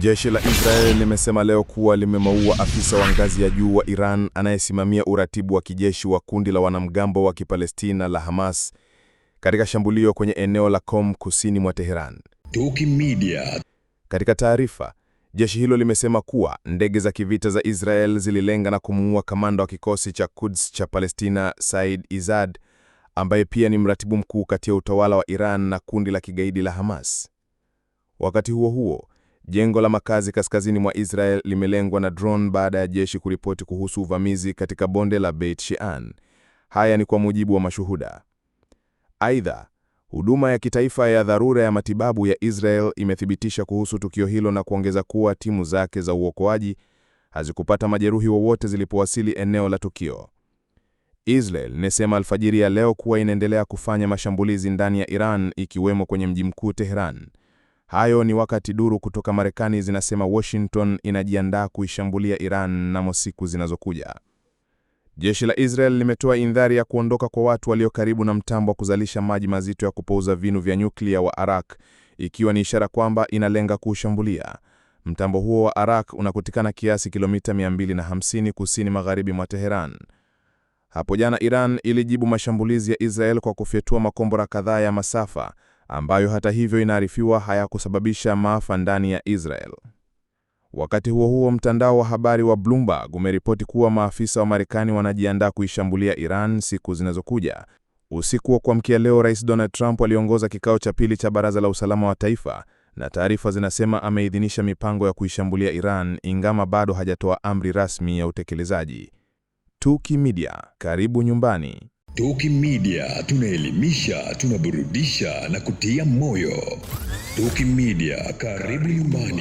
Jeshi la Israel limesema leo kuwa limemaua afisa wa ngazi ya juu wa Iran anayesimamia uratibu wa kijeshi wa kundi la wanamgambo wa Kipalestina la Hamas katika shambulio kwenye eneo la Qom kusini mwa Teheran. Tuqi Media. Katika taarifa, jeshi hilo limesema kuwa ndege za kivita za Israel zililenga na kumuua kamanda wa kikosi cha Quds cha Palestina, Said Izad, ambaye pia ni mratibu mkuu kati ya utawala wa Iran na kundi la kigaidi la Hamas. Wakati huo huo, Jengo la makazi kaskazini mwa Israel limelengwa na drone baada ya jeshi kuripoti kuhusu uvamizi katika bonde la Beit Shean. Haya ni kwa mujibu wa mashuhuda. Aidha, huduma ya kitaifa ya dharura ya matibabu ya Israel imethibitisha kuhusu tukio hilo na kuongeza kuwa timu zake za uokoaji hazikupata majeruhi wowote zilipowasili eneo la tukio. Israel imesema alfajiri ya leo kuwa inaendelea kufanya mashambulizi ndani ya Iran ikiwemo kwenye mji mkuu Tehran. Hayo ni wakati duru kutoka Marekani zinasema Washington inajiandaa kuishambulia Iran namo siku zinazokuja. Jeshi la Israel limetoa indhari ya kuondoka kwa watu walio karibu na mtambo wa kuzalisha maji mazito ya kupouza vinu vya nyuklia wa Arak, ikiwa ni ishara kwamba inalenga kuushambulia. Mtambo huo wa Arak unakutikana kiasi kilomita 250 kusini magharibi mwa Teheran. Hapo jana Iran ilijibu mashambulizi ya Israel kwa kufyatua makombora kadhaa ya masafa ambayo hata hivyo inaarifiwa hayakusababisha maafa ndani ya Israel. Wakati huo huo, mtandao wa habari wa Bloomberg umeripoti kuwa maafisa wa Marekani wanajiandaa kuishambulia Iran siku zinazokuja. Usiku wa kuamkia leo, Rais Donald Trump aliongoza kikao cha pili cha Baraza la Usalama wa Taifa, na taarifa zinasema ameidhinisha mipango ya kuishambulia Iran, ingama bado hajatoa amri rasmi ya utekelezaji. Tuki Media, karibu nyumbani. Toki Media tunaelimisha, tunaburudisha na kutia moyo. Toki Media, karibu nyumbani.